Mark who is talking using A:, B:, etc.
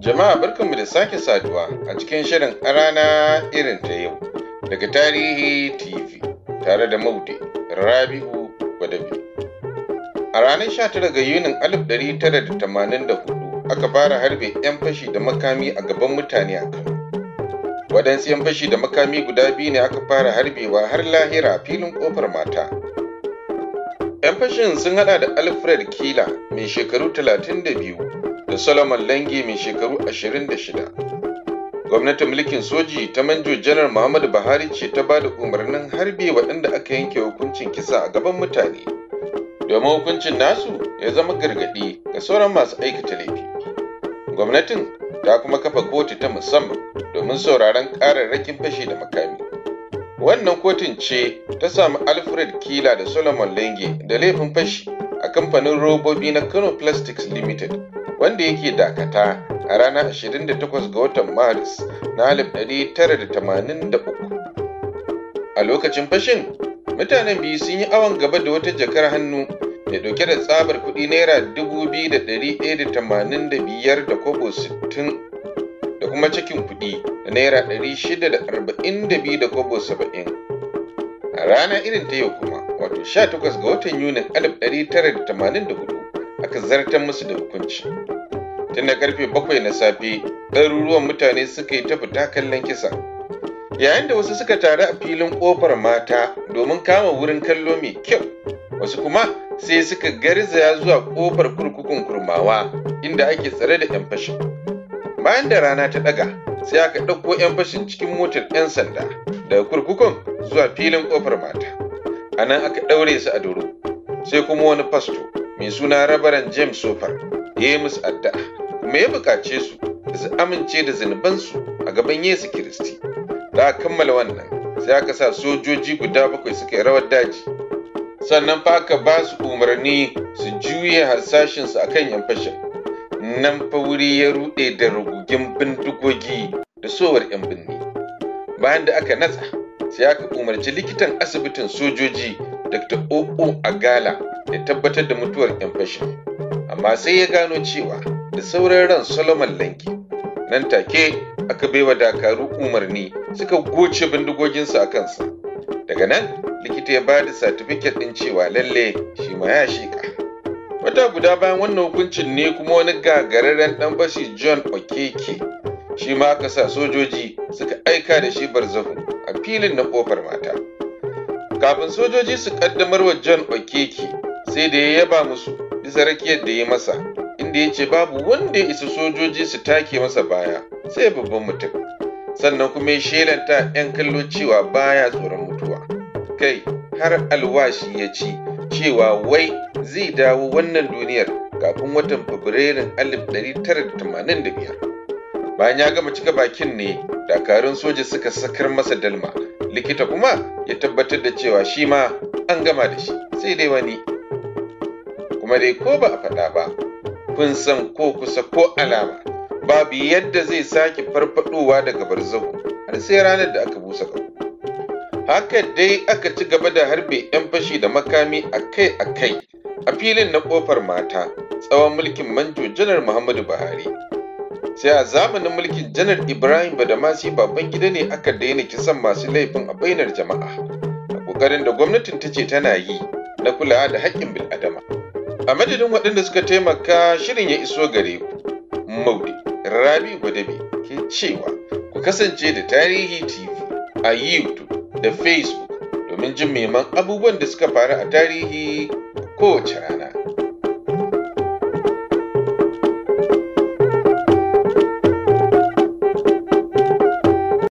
A: Jama'a barkanmu da sake saduwa a cikin shirin a rana irin ta yau daga Tarihi TV tare da Maude Rabi'u Badabi. A ranar 19 ga Yunin 1984 aka fara harbe 'yan fashi da makami a gaban mutane a Kano. Waɗansu 'yan fashi da makami guda biyu ne aka fara harbewa har lahira filin ƙofar mata. 'Yan fashin sun hada da Alfred Kila mai shekaru 32 da solomon lange mai shekaru 26 gwamnatin mulkin soji ta manjo janar muhammadu buhari ce ta ba da umarnin harbe waɗanda aka yanke hukuncin kisa a gaban mutane domin hukuncin nasu ya zama gargaɗi ga sauran masu aikata laifi gwamnatin ta kuma kafa kotu ta musamman domin sauraron ƙararrakin fashi da makami wannan kotun ce ta samu alfred kila da solomon lange da laifin fashi a kamfanin robobi na kano plastics limited wanda yake dakata a ranar 28 ga watan maris na 1983 a lokacin fashin mutanen biyu sun yi awon gaba da wata jakar hannu da dauke da tsabar kudi naira 2,185 da kobo 60 da kuma cikin kudi da naira 642 da kobo 70 a rana irin ta yau kuma wato 18 ga watan yunin 1984 aka zartar musu da hukunci tun da karfe bakwai na safe ɗaruruwan mutane suka yi ta fita kallon kisa yayin da wasu suka taru a filin ƙofar mata domin kama wurin kallo mai kyau wasu kuma sai suka garzaya zuwa ƙofar kurkukun kurmawa inda ake tsare da 'yan fashin bayan da rana ta ɗaga sai aka ɗauko 'yan fashin cikin motar 'yan sanda daga kurkukun zuwa filin ƙofar mata a nan aka ɗaure su a doro sai kuma wani fasto mai suna rabaran james sofar ya yi musu addu'a kuma ya buƙace su da su amince da zunubansu a gaban yesu kiristi da kammala wannan sai aka sa sojoji guda bakwai suka yi rawar daji sannan fa aka ba su umarni su juye harsashinsu a kan yan fashin nan fa wuri ya rude da rugugin bindigogi da sowar yan binni bayan da aka natsa sai aka umarci likitan asibitin sojoji dr oo agala ya tabbatar da mutuwar 'yan fashin amma sai ya gano cewa da sauran ran solomon lanki nan take aka baiwa dakaru umarni suka goce bindigoginsu a kansa daga nan likita ya bada satifiket ɗin cewa lalle shi ma ya shika wata guda bayan wannan hukuncin ne kuma wani gagararren ɗan bashi john okeke shi ma aka sa sojoji suka aika da shi barzahu a filin na kofar mata kafin sojoji su ƙaddamar wa john okeke sai da ya yaba musu bisa rakiyar da ya masa inda ya ce babu wanda ya isa sojoji su take masa baya sai babban mutum sannan kuma ya shelanta 'yan kallo cewa baya tsoron mutuwa kai har alwashi ya ci cewa wai zai dawo wannan duniyar kafin watan fabrairun 1985 bayan ya gama cika bakin ne dakarun soja suka sakar masa dalma likita kuma ya tabbatar da cewa shi ma an gama da shi sai dai wani kuma dai ko ba a faɗa ba kun san ko kusa ko alama babu yadda zai sake farfaɗowa daga barzahu har sai ranar da aka busa ƙaho haka dai aka ci gaba da harbe 'yan fashi da makami a kai a kai a filin na ƙofar mata tsawon mulkin manjo janar muhammadu buhari sai a zamanin mulkin janar ibrahim badamasi babban gida ne aka daina kisan masu laifin a bainar jama'a a ƙoƙarin da gwamnatin ta ce tana yi na kulawa da haƙƙin bil'adama A madadin waɗanda suka taimaka shirin ya iso gare ku, Maudi, Rabi Gwadabi ke cewa ku kasance da Tarihi TV a YouTube da Facebook domin jin meman abubuwan da suka faru a tarihi kowace rana.